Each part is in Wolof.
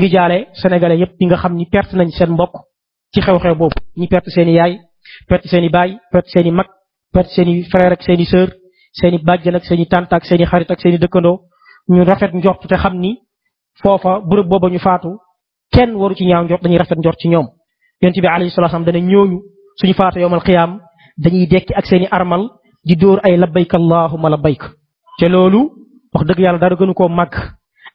ngi jaale sénégalais yépp ñi nga xam ni perte nañ seen mbokk ci xew-xew boobu ñi perte seen i yaay perte seen i baay perte seen i mag perte seen i frère ak seen i sœur seen i bàjjan ak seen i ak seen i xarit ak seen i ñu rafet njort te xam ni foofa bërëb booba ñu faatu kenn waru ci ñaaw njort dañuy rafet njort ci ñoom yonent bi alayhi salaatu salaam dana ñooñu suñu faatu yowmal xiyaam dañuy dekki ak seen i armal di dóor ay labbayk allahuma labbayk te loolu wax dëgg yàlla dara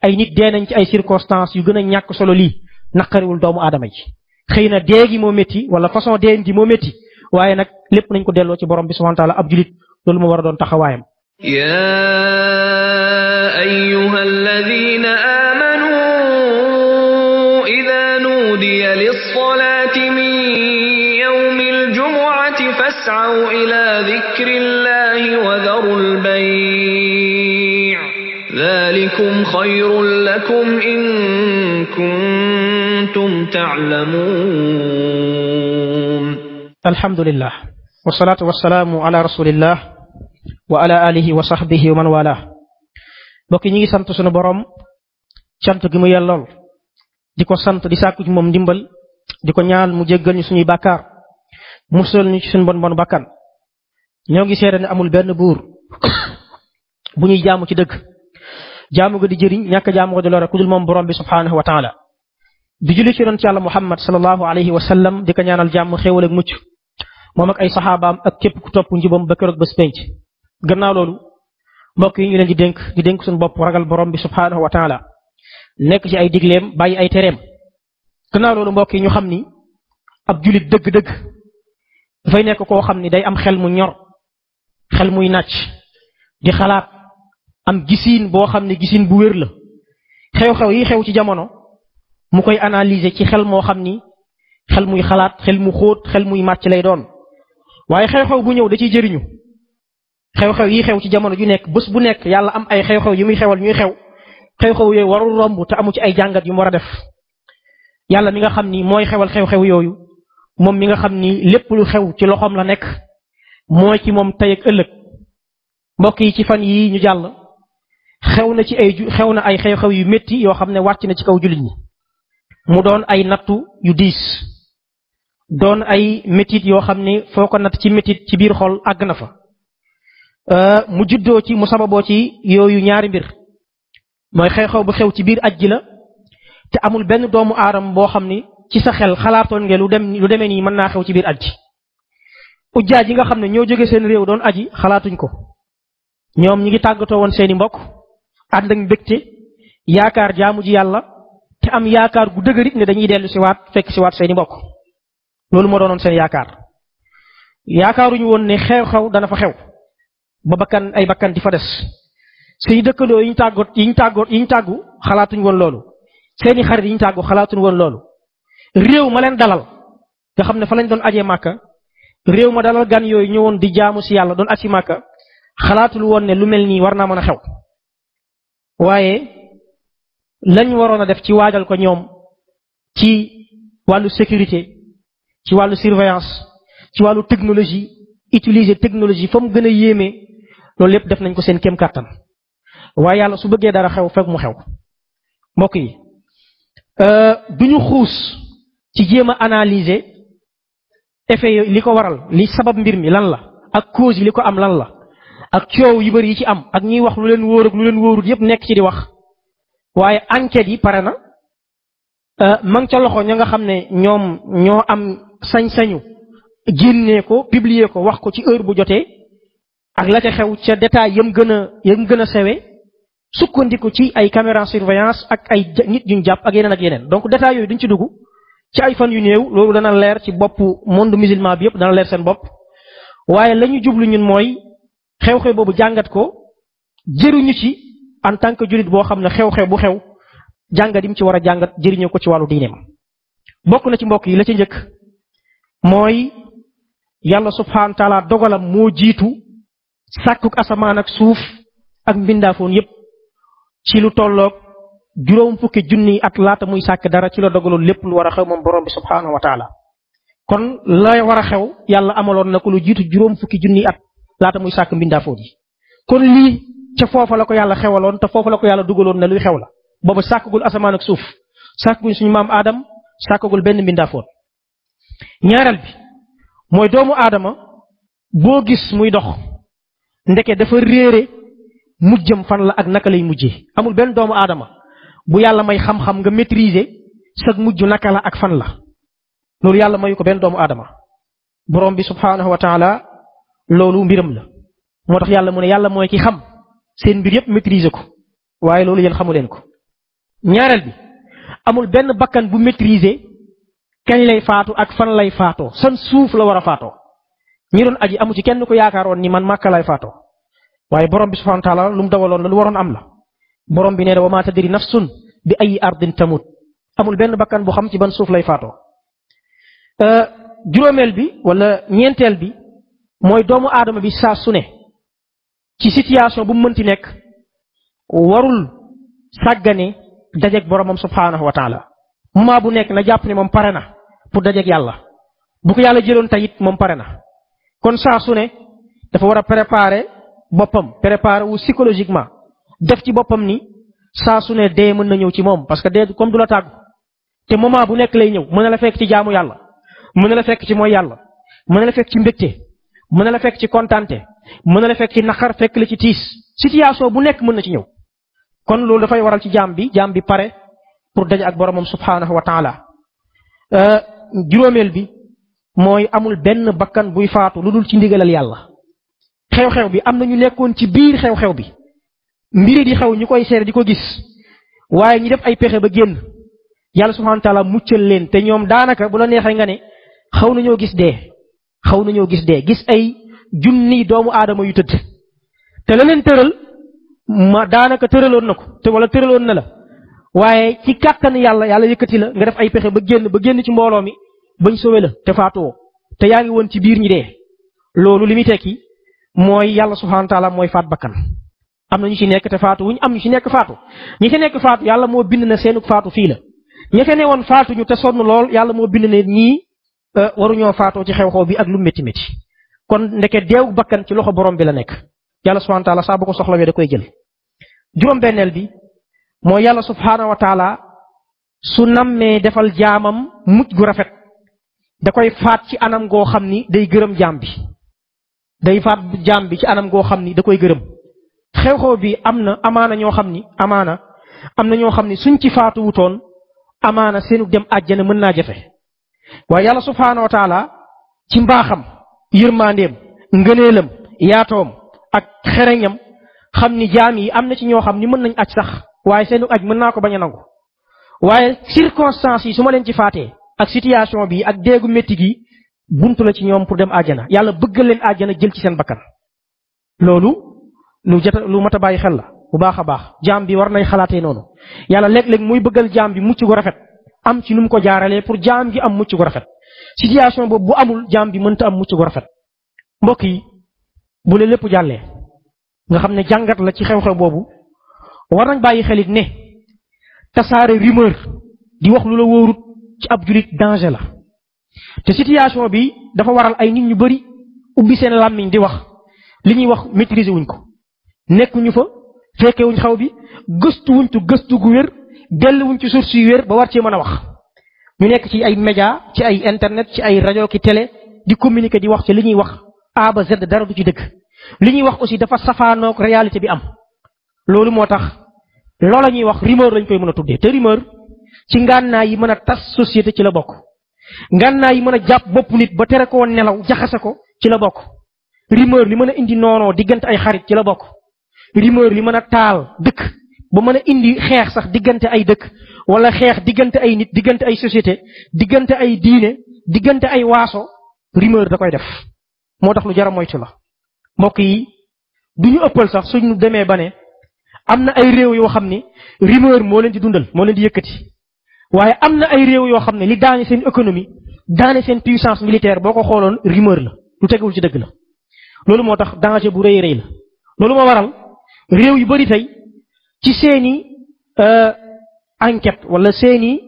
ay nit dee nañ ci ay circonstances yu gën a ñàkk solo lii naqariwul doomu aadama yi xëy na dee moo métti wala façon dee di moo métti waaye nag lépp nañ ko delloo ci borom bi subhanahu wa taala ab julit loolu moo war a doon taxawaayam. خير لكم إن كنتم تعلمون الحمد لله والصلاة والسلام على رسول الله وعلى آله وصحبه ومن والاه bokki ñi ngi sant sunu borom sant gi mu yellool di ko sant di sàkku ci moom ndimbal di ko ñaan mu jéggal ñu suñuy bàkkaar musal ñu ci suñu bon bon bakkan ñoo ngi seede ne amul benn buur bu ñuy jaamu ci dëgg jaamu ko di jëriñ ñàkk jaamu ko di lore ku dul moom borom bi subhaanahu wa taala di julli ci yonent yàlla muhammad sallallahu alayhi wa sallam di ko ñaanal jàmm xéewal ak mucc moom ak ay saxaabaam ak képp ku topp njubam ba keroog bés penc gannaaw loolu mbokk yi ñu leen di dénk dénk suñu bopp ragal borom bi subhaanahu wa taala nekk ci ay digleem bàyyi ay tereem gannaaw loolu mbokk yi ñu xam ni ab julit dëgg-dëgg dafay nekk koo xam ni day am xel mu ñor xel muy nac di xalaat am gisiin boo xam ne gisiin bu wér la xew-xew yi xew ci jamono mu koy analyser ci xel moo xam ni xel muy xalaat xel mu xóot xel muy màcc lay doon waaye xew-xew bu ñëw da ciy jëriñu xew-xew yi xew ci jamono ju nekk bés bu nekk yàlla am ay xew-xew yu muy xewal ñuy xew xew-xew yooyu warul romb te amu ci ay jàngat yu mu war a def yàlla mi nga xam ni mooy xewal xew-xew yooyu moom mi nga xam ni lépp lu xew ci loxoom la nekk mooy ci moom tey ak ëllëg mbokk yi ci fan yii jàll xew na ci ay xew na ay xew yu métti yoo xam ne wàcc na ci kaw jullit ñi mu doon ay nattu yu diis doon ay métit yoo xam ne foo ko natt ci métit ci biir xol àgg na fa euh, mu juddoo ci mu sababoo ci yooyu ñaari mbir mooy xew-xew bu xew ci biir aj ji la te amul benn doomu aaram boo xam ni ci sa xel xalaatoon ngeen lu dem lu demee nii mën naa xew ci biir aj ji ujjaa ji nga xam ne ñoo jóge seen réew doon aji xalaatuñ ko ñoom ñi ngi tàggatoo woon seeni mbokk ànd ak mbégte yaakaar jaamu ji yàlla te am yaakaar gu dëgërit ne dañuy dellu siwaat waat fekk si waat seeni mbokk loolu moo doonoon seen yaakaar yaakaaruñu woon ne xew-xew dana fa xew ba bakkan ay bakkan di fa des suñu dëkkandoo yi ñu tàggoot yi ñu tàggoot yi ñu tàggu xalaatuñu woon loolu seeni xarit yi ñu tàggu xalaatuñu woon loolu réew ma leen dalal nga xam ne fa lañ doon ajee màkka réew ma dalal gan yooyu ñëwoon di jaamu si yàlla doon aji màkka xalaatul woon ne lu mel nii war naa mën a xew waaye lañ waroon a def ci waajal ko ñoom ci wàllu sécurité ci wàllu surveillance ci wàllu technologie utiliser technologie fa mu gën a yéeme loolu lépp def nañ ko seen kéem kàttan waaye yàlla su bëggee dara xew fekk mu xew mbokk yi euh, du ñu xuus ci jéem a analyser effet li ko waral li sabab mbir mi lan la ak cause yi li ko am lan la ak coow yu bëri yi ci am ak ñuy wax lu leen wóor leen wóorut yépp nekk ci di wax waaye enquête yi pare na euh, ma ngi ca loxo ña nga xam ne ñoom ñoo am sañ-sañu génnee ko publier ko wax ko ci heure bu jotee ak la ca xew ca détail yam gën a yam gën a sewe sukkandiku ci ay caméra surveillance ak ay nit yuñ jàpp ak yeneen ak yeneen donc détail yooyu duñ ci dugg ci ay fan yu néew loolu dana leer ci boppu monde musulman bi yépp dana leer seen bopp waaye lañu jublu ñun mooy xew-xew boobu jàngat ko jëriñu ci en tant que jullit boo xam ne xew-xew bu xew jàngat yi mu ci war a jàngat jëriñoo ko ci wàllu diineem bokk na ci mbokk yi la ci njëkk mooy yàlla subhaanahu wa taala dogalam moo jiitu sàkkuk asamaan ak suuf ak mbindaafoon yépp ci lu tolloog juróom fukki junni at laata muy sàkk dara ci la dogaloon lépp lu war a xew moom borom bi subhaanahu wa taala kon la war xew yàlla amaloon na ko lu jiitu juróom fukki junni at laata muy sàkk mbindaafoon yi kon lii ca foofa la ko yàlla xewaloon te foofa la ko yàlla dugaloon ne luy xew la booba sàkkagul asamaan ak suuf sàkkaguñ suñu maam aadam sàkkagul benn mbindaafoon ñaareel bi mooy doomu aadama boo gis muy dox ndeke dafa réere mujjam fan la ak naka lay mujjee amul benn doomu aadama bu yàlla may xam-xam nga maîtriser sag mujj naka la ak fan la loolu yàlla mayu ko benn doomu aadama borom bi subhaanahu wa loolu mbiram la moo tax yàlla mu ne yàlla mooy ki xam seen mbir yëpp maîtriser ko waaye loolu yéen xamu leen ko ñaareel bi amul benn bakkan bu maîtriser kañ lay faatu ak fan lay faatoo san suuf la war a faatoo ñi doon aji amu ci kenn ko yaakaaroon ni man màkka lay faatoo waaye borom bi subhanahu wa taala lu mu dawaloon la waroon am la borom bi nee na wa maa tadri nafsun bi ay ardin tamut amul benn bakkan bu xam ci ban suuf lay faatoo euh, juróomeel bi wala ñeenteel bi mooy doomu aadama bi saa su ne ci situation bu mu mënti nekk warul sàggane dajeeg boromam subhaanahu wa taala moment bu nekk na jàpp ne moom pare na pour dajeeg yàlla bu ko yàlla jëloon tey it moom pare na kon saa su ne dafa war a préparer boppam prépare wu psychologiquement def ci boppam ni saa su ne dee mën na ñëw ci moom parce que dee comme du la tàggu te moment bu nekk lay ñëw mën na la fekk ci jaamu yàlla mën na la fekk ci mooy yàlla mën na la fekk ci mbégte mën na la fekk ci kontante mën na la fekk ci naqar fekk la ci tiis situation bu nekk mën na ci ñëw kon loolu dafay waral ci jaam bi jaam bi pare pour daje ak boromam subhaanahu wa taala euh, juróomeel bi mooy amul benn bakkan buy faatu lu dul ci ndigalal yàlla xew-xew bi am na ñu nekkoon ci biir xew-xew bi mbiri di xew ñu koy seere di ko gis waaye ñi def ay pexe ba génn yàlla subhaanahu wa muccal leen te ñoom daanaka bu la neexee nga ne xaw nañoo gis dee xaw nañoo gis dee gis ay junni doomu aadama yu tëdd te la leen tëral ma daanaka tëraloon na ko te wala tëraloon na la waaye ci kàttan yàlla yàlla yëkkati la nga def ay pexe ba génn ba génn ci mbooloo mi bañ sowe la te faatuwoo te yaa ngi woon ci biir ñi dee loolu li muy tekki mooy yàlla subhaanahu mooy faat bakkan am na ñu ci nekk te faatu wuñ am ñu ci nekk faatu ñi ci nekk faatu yàlla moo bind na seenu faatu fii la ña ne woon faatuñu Euh, waruñoo faatoo ci xew-xew bi ak lu métti métti kon ndeke deewu bakkan ci loxo borom bi la nekk yàlla subhanahu wa taala saa bu ko soxlawee da koy jël. juróom-benneel bi mooy yàlla subhanahu wa taala su nammee defal jaamam mujj gu rafet da koy faat ci anam goo xam ni day gërëm jaam bi day faat jaam bi ci anam goo xam ni da koy gërëm xew-xew bi am na amaana ñoo xam ni amaana am na ñoo xam ni suñ ci faatu wutoon amaana seenu dem àjjana mën naa jafe. waaye yàlla subhaanahu wa taala ci mbaaxam yërmaandeem ngëneelam yaatoom ak xereñam xam ni jaam yi am na ci ñoo xam ni mën nañ aj sax waaye seenu aj mën naa ko bañ a nangu waaye circonstances yi su ma leen ci faatee ak situation bi ak déegu métti gi buntu la ci ñoom pour dem àjjana yàlla bëggal leen àjjana jël ci seen bakkan loolu lu jota lu mat a bàyyi xel la bu baax a baax jaam bi war nay xalaatee noonu yàlla léeg-léeg muy bëggal jaam bi mucc gu rafet am ci nu mu ko jaaralee pour jaam gi am mucc ko rafet situation boobu bu amul jaam bi mënta am mucc gu rafet mbokk yi bu le lépp jàllee nga xam ne jàngat la ci xew-xew boobu war nañ bàyyi xelit ne tasaare rumeur di wax lu la wóorut ci ab julit danger la te situation bi dafa waral ay nit ñu bari ubbi seen làmmiñ di wax li ñuy wax maîtriser wuñ ko nekkuñu fa fekkewuñ xaw bi gëstuwuñ tu gëstu gu wér delluwuñ ci source yu wér ba war cee mën a wax ñu nekk ci ay média ci ay internet ci ay rajo ki télé di communiquer di wax ci li ñuy wax aba ba Z dara du ci dëgg li ñuy wax aussi dafa safaanook réalité bi am loolu moo tax loola ñuy wax rumeur lañ koy mën a tuddee te rumeur ci ngànnaay yi mën a tas société ci la bokk ngànnaay yi mën a jàpp bopp nit ba tere koo nelaw jaxase ko ci la bokk rumeur li mën a indi noonoo diggante ay xarit ci la bokk rumeur li ba mën a indi xeex sax diggante ay dëkk wala xeex diggante ay nit diggante ay société diggante ay diine diggante ay waaso rumeur da koy def moo tax lu jara a moytu la mbokk yi du ñu ëppal sax suñu demee ba ne am na ay réew yoo xam ni rumeur moo leen di dundal moo leen di yëkkati waaye am na ay réew yoo xam ne li daane seen économie daane seen puissance militaire boo ko xooloon rumeur la lu tegewul ci dëgg la loolu moo tax danger bu rëy rëy ci seeni euh, enquête wala seeni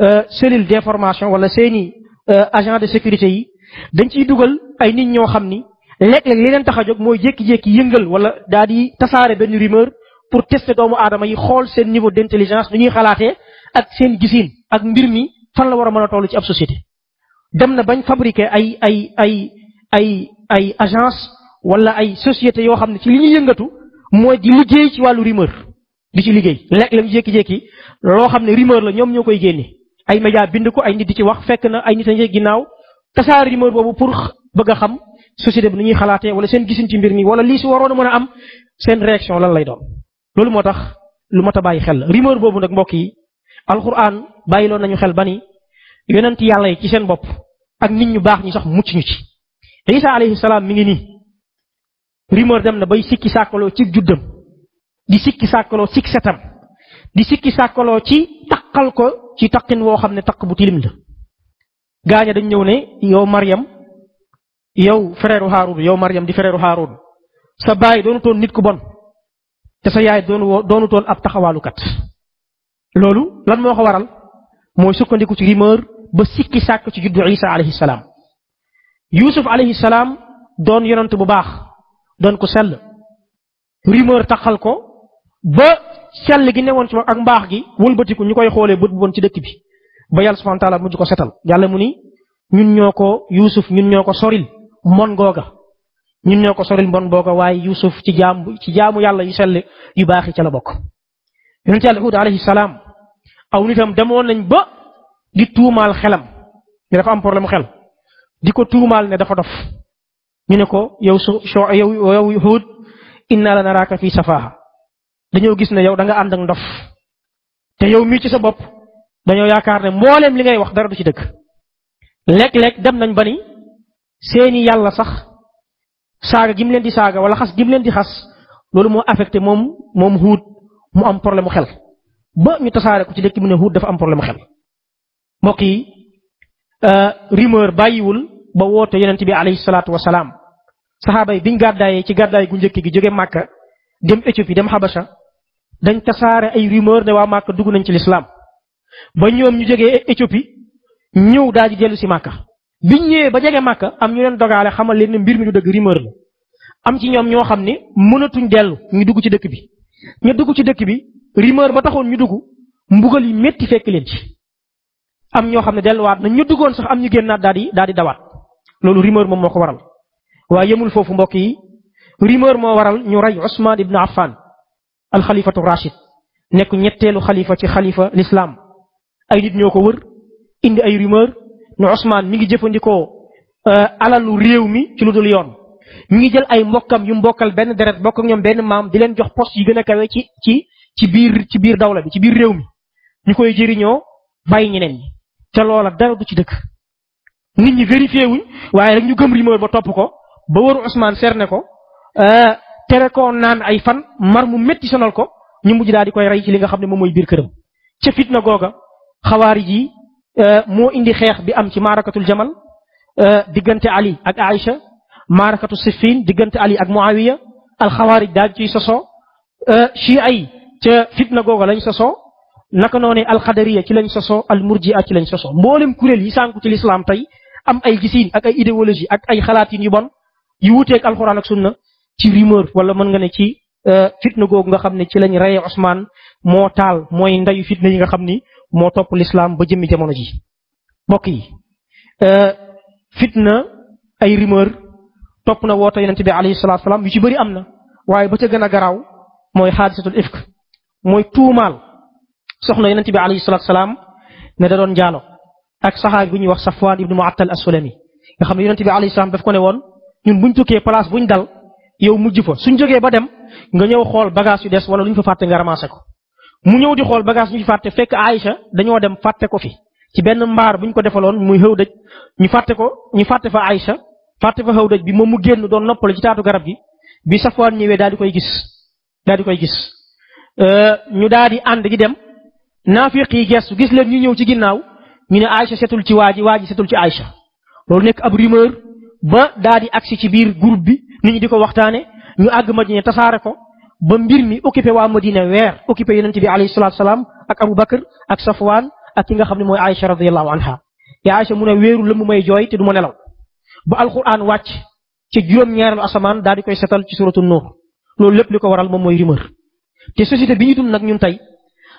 euh, cellule d'information wala seeni euh, agent de sécurité yi dañ ciy dugal ay nit ñoo xam ni léeg-léeg li leen tax a jog mooy jékki-jékki yëngal wala daal di tasaare benn rumeur pour teste doomu aadama yi xool seen niveau d'intelligence nu ñuy xalaatee ak seen gisiin ak mbir mi fan la war a mën a toll ci ab société. dem na bañ fabriquer ay ay ay ay ay agence walla ay société yoo xam ne ci li ñuy yëngatu mooy di liggéey ci wàllu rumeur. di ci liggéey léeg-léeg jékki loo xam ne rumeur la ñoom ñoo koy génne ay média bind ko ay nit di ci wax fekk na ay nit a ngi ginnaaw tasaar rumeur boobu pour bëgg xam société bi ñuy xalaatee wala seen gisin ci mbir mi wala lii si waroon a mën a am seen réaction lan lay doon. loolu moo tax lu mat a bàyyi xel la rumeur boobu nag mbokk yi alxuraan bàyyiloon nañu xel ba ni yonent yàlla yi ci seen bopp ak nit ñu baax ñu sax mucc ñu ci. Isa alayhi salaam mi ngi nii rumeur dem na bay sikki sàkkaloo ci juddam. di sikki sàkkaloo sik setam di sikki sàkkaloo ci taqal ko ci taqin woo xam ne taq bu tilim la gaaña dañ ñëw ne yow Mariam yow frère Haarun yow Mariam di frère Haarun sa baay doonu toon nit ku bon te sa yaay doonu doonu toon ab loolu lan moo ko waral mooy sukkandiku ci rumeur ba sikki sàkk ci juddu Isa alayhi salaam Yuusuf alayhi salaam doon yonent bu baax doon ko sell rumeur taxal ko ba sell gi newoon ci moom mbaax gi wëlbatiku ñu koy xoolee bët bu bon ci dëkk bi ba yàlla subhanahu wa taala mujj ko setal yàlla mu ni ñun ñoo ko Yuusuf ñun ñoo ko soril mon googa ñun ñoo ko soril mbon googa waaye Yuusuf ci jaamu ci jaamu yàlla yu sell yu baax yi ca la bokk. yonent yàlla Huud alayhi salaam aw nitam demoon nañ ba di tuumaal xelam ñu dafa am di ko tuumaal ne dafa dof ne ko yow su yow yow Huud inna la fi safaaha dañoo gis ne yow da nga ànd ak ndof te yow mii ci sa bopp dañoo yaakaar ne mbooleem li ngay wax dara du ci dëgg lekk léeg dem nañ ba ni seeni yàlla sax saaga gim leen di saaga wala xas gim leen di xas loolu moo affecté moom moom huut mu am problème mu xel ba ñu tasaare ko ci dëkk bi ne huut dafa am problème mu xel mbokk yi euh, rumeur bàyyiwul ba woote yonent bi alayhi salaatu wasalaam saxaaba yi biñ gàddaayee ci gàddaay gu njëkk gi jóge Màkka dem Éthiopie dem Habasha dañ tasaare ay rumeur ne waa Màkka dugg nañ ci lislaam ba ñoom ñu jógee Éthiopie ñëw daal di dellu si Màkka biñ ñëwee ba jege Màkka am ñu leen dogaale xamal leen ne mbir mi du dëgg rumeur la am ci ñoom ñoo xam ne mënatuñ dellu ñu dugg ci dëkk bi ñu dugg ci dëkk bi rumeur ba taxoon ñu dugg mbugal yi métti fekk leen ci am ñoo xam ne delluwaat na ñu duggoon sax am ñu génnaat daal di daal di dawaat loolu rumeur moom moo ko waral waaye yemul foofu mbokk yi rumeur moo waral ñu rey Ousmane Ibn Affan alxalifatu rachid nekk ñetteelu xalifa ci xalifa lislaam ay nit ñoo ko wër indi ay rumeur ne Ousmane mi ngi jëfandikoo euh, alalu réew mi ci lu dul yoon mi ngi jël ay mbokkam yu mbokkal benn deret bokk ak ñoom benn maam di leen jox poste yu gën a kawe ci ci ci biir ci biir dawla bi ci biir réew mi ñu koy jëriñoo bàyyi ñeneen ñi te loola dara du ci dëkk nit ñi vérifié wuñ waaye rek ñu gëm rumeur ba topp ko ba wër Ousmane ne ko euh, tere naa naan ay fan mar mu métti sonal ko ñu mujj daal di koy rey ci li nga xam ne moom mooy biir këram ca fitna googa xawaarij yi euh, moo indi xeex bi am ci maarakatul jamal euh, diggante Ali ak Aïcha maarakatu Siffin diggante Ali ak Muawiya alxawaarij daal ci sosoo chi euh, ay ca fitna googa lañ sosoo naka noonee alxadariya ci lañ sosoo almurjia ci lañ sosoo mboolem kuréel yi sànku ci lislaam tey am ay gisiin ak ay idéologie ak ay xalaatin yu bon yu wuteeg alxuraan ak ci rumeur wala mën nga ne ci euh, fitna googu nga xam ne ci lañ reye Ousmane moo taal mooy ndayu fitna yi nga xam ni moo topp lislaam ba jëmmi jamono ji mbokk yi euh, fitna ay rumeur topp na woote yonente bi alayhi salaatu salaam yu ci bëri am na waaye ba ca gën a garaaw mooy xaadisatul ifk mooy tuumaal soxna yonente bi alayhi salaatu salaam ne da doon njaalo ak saxaabi bu ñuy wax Safwaan ibnu Muattal as-Sulami nga xam ne yonente bi alayhi salaam daf ko ne woon ñun buñ tukkee buñ dal yow mujj fa suñ jógee ba dem nga ñëw xool bagage yu des wala lu ñu fa fàtte nga ramassé ko mu ñëw di xool bagage yu ñu fàtte fekk Aïcha dañoo dem fàtte ko fi ci benn mbaar bu ñu ko defaloon muy xëw dëj ñu fàtte ko ñu fàtte fa Aïcha fàtte fa xëw dëj bi moom mu génn doon noppale ci taatu garab gi bi Safwaan ñëwee daal di koy gis daal di koy gis euh, ñu daal di ànd di dem naafiq yi gestu gis leen ñuy ñëw ci ginnaaw ñu ne Aïcha setul ci waa ji waa ji setul ci Aïcha loolu nekk di agsi ci biir groupe bi nit ñi di ko waxtaane ñu àgg Madina tasaare ko ba mbir mi occupé waa Madina weer occupé yonent bi alayhi salaatu salaam ak Abu Bakr ak Safwaan ak ki nga xam ne mooy Aïcha radiyallahu anha yaa Aïcha mu ne weeru lëmm may jooy te du ma nelaw ba alquran wàcc ci juróom-ñaareelu asamaan daal di koy setal ci suratu nuur loolu lépp li ko waral moom mooy rumeur te société bi ñu dund nag ñun tey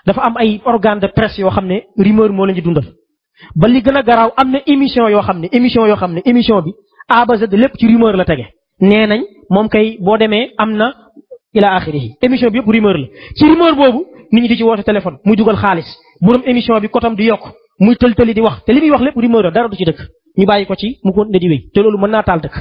dafa am ay organe de presse yoo xam ne rumeur moo leen di dundal ba li gën a garaaw am na émission yoo xam ne émission yoo xam ne émission bi A ba lépp ci rumeur la tege nee nañ moom kay boo demee am na ila axirihi émission bi yëpp rumeur la ci rumeur boobu nit ñi di ci woote téléphone muy dugal xaalis borom émission bi kotam di yokk muy tëltëli di wax te li muy wax lépp rumeur la dara du ci dëkk ñu bàyyi ko ci mu ko di wéy te loolu mën naa taal dëkk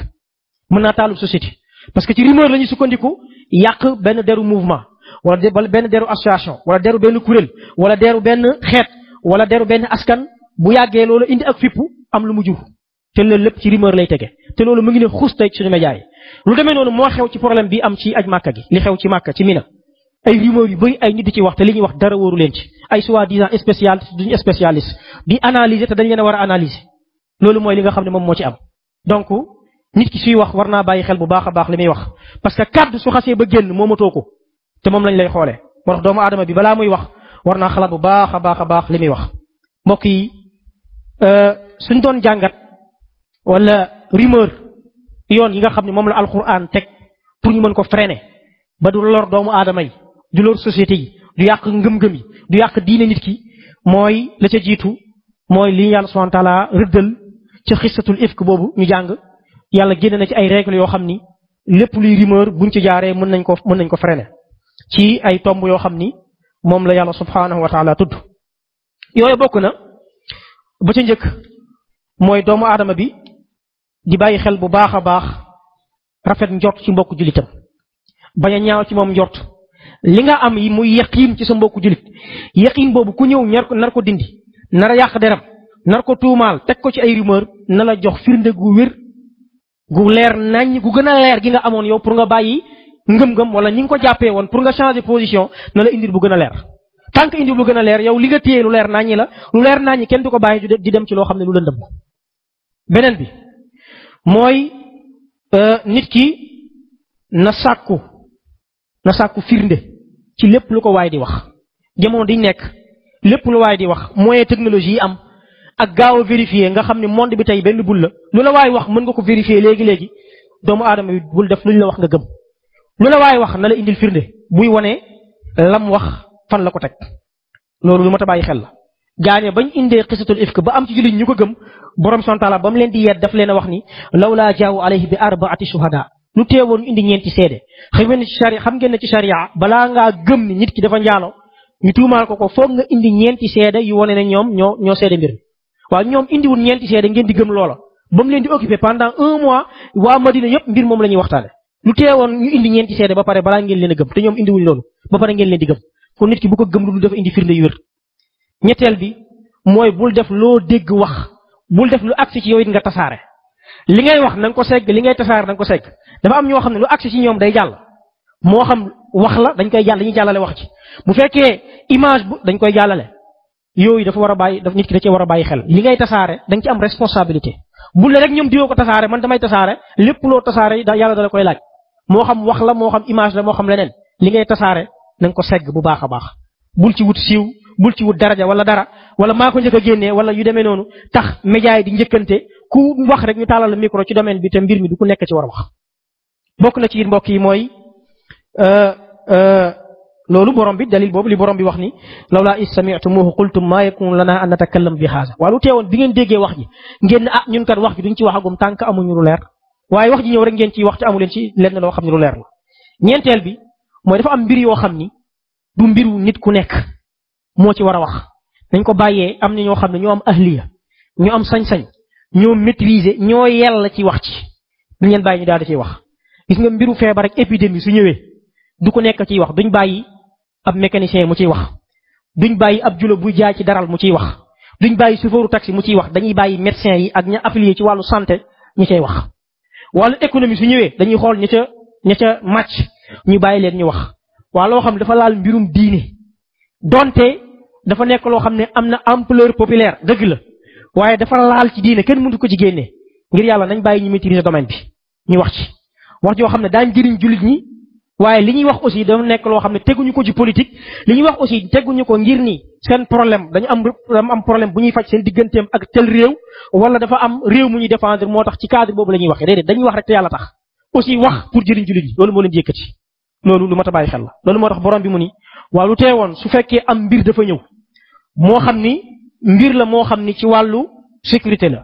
mën naa taalu société parce que ci rumeur la ñu sukkandiku yàq benn deru mouvement wala benn deru association wala deru benn kuréel wala deru benn xeet wala deru benn askan bu yàggee loolu indi ak fippu am lu mu jur te loolu lépp ci rumeur lay tege te loolu mu ngi ne xuus tey ci suñu média lu demee noonu moo xew ci problème bi am ci aj màkka gi li xew ci màkka ci mina ay rumeur yu bëri ay nit di ci wax te li ñuy wax dara wóoru leen ci ay soi-disant spécialiste duñu di analyser te dañ leen a war a analyser loolu mooy li nga xam ne moom moo ci am donc nit ki suy wax war naa bàyyi xel bu baax a baax li muy wax parce que kàddu su xasee ba génn moomatoo ko te moom lañ lay xoole moo tax doomu adama bi balaa muy wax war naa xalaat bu baax a baax a baax li muy wax mbokk yi euh, suñ doon jàngat yoon yi nga xam ne moom la alxuraan teg pour ñu mën ko freiner ba du lor doomu aadama yi du lor société yi du yàq ngëm-ngëm yi du yàq diine nit ki mooy la ca jiitu mooy li yàlla subhanahu wa taala rëddal ci xistatul ifk boobu ñu jàng yàlla génne na ci ay règles yoo xam ni lépp luy rumeur buñ ci jaaree mën nañ ko mën nañ ko freiner ci ay tomb yoo xam ni moom la yàlla subhanahu wa taala tudd yooyu bokk na ba ca njëkk mooy doomu aadama bi di bàyyi xel bu baax a baax rafet njort ci mbokku jullitam bañ a ñaaw ci moom njort li nga am yi muy yaqiin ci sa mbokku jullit yaqiin boobu ku ñëw ñar ko nar ko dindi nar a yàq deram nar ko tuumaal teg ko ci ay rumeur na la jox firnde gu wér gu leer naññ gu gën a leer gi nga amoon yow pour nga bàyyi ngëm-ngëm wala ñi nga ko jàppee woon pour nga changer position na la indil bu gën a leer. tant que indil bu gën a leer yow li nga téye lu leer naññi la lu leer naññi kenn du ko bàyyi di dem ci loo xam ne lu lëndëm ko beneen bi. mooy euh, nit ki na sàkku na sàkku firnde ci lépp lu ko waay di wax jamono di nekk lépp lu waay di wax moyen technologie yi am ak gaaw a vérifier nga xam ne monde bi tey benn bul la lu la waay wax mën nga ko vérifier léegi léegi doomu aadama bi bul def lu ñu la wax nga gëm lu la waay wax na la indil firnde buy wane lam wax fan la ko teg loolu lu mat a bàyyi xel la. gaañe bañ indee xisatul ifk ba am ci ñu ko gëm ba mu leen di yedd daf leen wax ni lawlaa jaawu alayhi bi arbaati shuhada lu teewoon indi xam ngeen ci ne ci charia balaa ki dafa njaalo ñu tuumaal ko ko foog nga indi ñeenti seede yu wane ne ñoom ñoo ñoo seede mbir mi waaw ñoom indiwul di gëm loola ba mu leen di occupé pendant un mois waa Madina lu teewoon ñu indi ñeenti seede a gëm te ñoom indiwuñ loolu ba pare ngeen leen di gëm kon nit ki bu ko gëm lu dul dafa indi firnde yu wér ñetteel bi mooy bul def loo dégg wax bul def lu agsi ci yow it nga tasaare li ngay wax nan ko segg li ngay tasaare na nga ko segg dafa am ñoo xam ne lu agsi ci ñoom day jàll moo xam wax la dañ koy jàll dañuy jàllale wax ci bu fekkee image bu dañ koy jàllale yooyu dafa war a bàyyi daf nit ki da cee war a bàyyi xel li ngay tasaare da ci am responsabilité bul la rek ñoom ko tasaare man damay tasaare lépp loo tasaare da yàlla dala koy laaj moo xam wax la moo xam image la moo xam leneen li ngay tasaare na ko segg bu baax a baax bul ci wut siiw bul ci wut daraja wala dara wala maa ko njëkk a wala yu demee noonu tax média yi di njëkkante ku wax rek ñu taalal micro ci domaine bi te mbir mi du ku nekk ci war a bokk na ci mbokk yi mooy euh, euh, loolu borom bi dalil boobu li borom bi wax ni lawlaa is sami'tumuhu qultum maa yakunu lanaa an natakallam bi haaza waaye teewoon bi ngeen déggee wax ngeen ah ñun kat wax ji duñ ci waxagum tànk amuñu lu leer waaye wax ñëw rek ngeen ciy wax te amu leen ci lenn loo xam ne lu leer la ñeenteel bi mooy dafa am mbir yoo xam ni du mbiru nit ku nekk. moo ci war a wax dañ ko bàyyee am na ñoo xam ne ñoo am ahliya ñoo am sañ-sañ ñoo maîtriser ñoo yell ci wax ci duñ leen bàyyi ñu daal di ciy wax. gis nga mbiru feebar ak épidémie su ñëwee du ko nekk ciy wax duñ bàyyi ab mécanicien mu ciy wax duñ bàyyi ab julo buy jaay ci daral mu ciy wax duñ bàyyi chauffeuru taxi mu ciy wax dañuy bàyyi médecin yi ak ña affilié ci wàllu santé ñu cay wax. wàllu économie su ñëwee dañuy xool ña ca ña ca ñu bàyyi leen ñu wax waa loo xam dafa laal mbirum diine donte dafa nekk loo xam ne am na empleur populaire dëgg la waaye dafa laal ci diine kenn mënut ko ci génne ngir yàlla nañ bàyyi ñu maîtriser domaine bi ñu wax ci wax joo xam ne daañ jëriñ jullit ñi waaye li ñuy wax aussi dafa nekk loo xam ne teguñu ko ci politique li ñuy wax aussi teguñu ko ngir ni seen problème dañu am dañu am problème bu ñuy faj seen digganteem ak tel réew wala dafa am réew mu ñuy défendre moo tax ci cadre boobu la ñuy waxee déedéet dañuy wax rek yàlla tax aussi wax pour jëriñ jullit ñi loolu moo leen yëkkati loolu lu mat bàyyi xel la loolu moo borom bi mu ni waaw lu teewoon su fekkee am mbir dafa ñëw moo xam ni mbir la moo xam ni ci wàllu sécurité la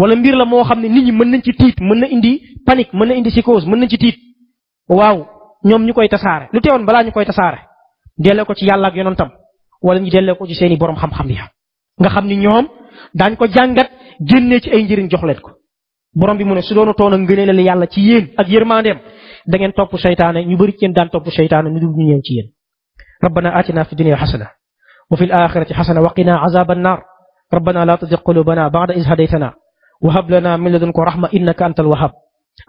wala mbir la moo xam ne nit ñi mën nañ ci tiit mën na indi panique mën na indi ci psychose mën nañ ci tiit waaw ñoom ñu koy tasaare lu teewoon balaa ñu koy tasaare dellee ko ci yàlla ak yonentam wala ñu dellee ko ci seeni borom xam-xam ya nga xam ni ñoom daañ ko jàngat génnee ci ay njëriñ jox leen ko borom bi mu ne su doona toon a ngëneelal yàlla ci yéen ak yërmandeem da ngeen topp ñu bëri ci daan topp seytaane ñu dul ñu ci yéen ربنا آتنا في الدنيا حسنة وفي الآخرة حسنة وقنا عذاب النار ربنا لا تزغ قلوبنا بعد إذ هديتنا وهب لنا من لدنك رحمة إنك أنت الوهاب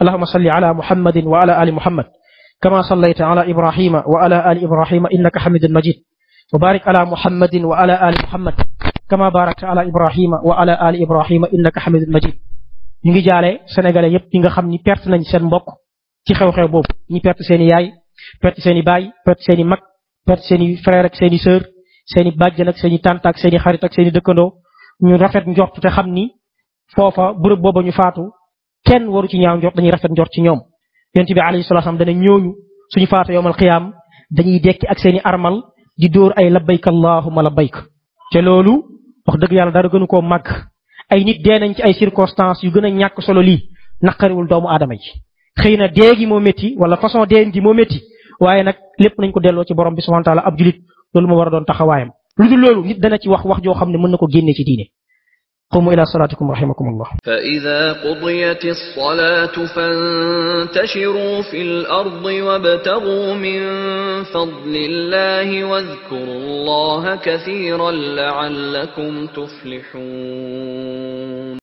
اللهم صل على محمد وعلى آل محمد كما صليت على إبراهيم وعلى آل إبراهيم إنك حميد مجيد وبارك على محمد وعلى آل محمد كما باركت على إبراهيم وعلى آل إبراهيم إنك حميد مجيد ñu ngi jaale sénégalais yépp ñi nga xam ni perte nañ seen mbokk ci xew-xew boobu ñi perte seen i yaay perte seen i baay perte seen i mag pet seeni frère ak seeni sœur seeni bàjjan ak seeni tànt ak seeni xarit ak seeni dëkkandoo ñu rafet njort te xam ni foofa bërëb booba ñu faatu kenn waru ci ñaaw njort dañuy rafet njort ci ñoom yonent bi alayhi salaatu salaam dana ñooñu suñu faatu yowmal qiyaam dañuy dekki ak seeni armal di dóor ay labbayk allahumma labbayk te loolu wax dëgg yàlla dara gënu koo màgg ay nit dee nañ ci ay circonstances yu gën a ñàkk solo lii naqariwul doomu aadama yi xëy na dee waaye nag lépp nañ ko delloo ci borom bi subhanahu wa taala ab julit loolu moo war a doon taxawaayam lu dul loolu nit dana ci wax wax joo xam ne mën na ko génne ci diine قوموا إلى صلاتكم رحمكم الله فإذا قضيت الصلاة فانتشروا في الأرض وابتغوا من فضل الله واذكروا الله كثيرا لعلكم تفلحون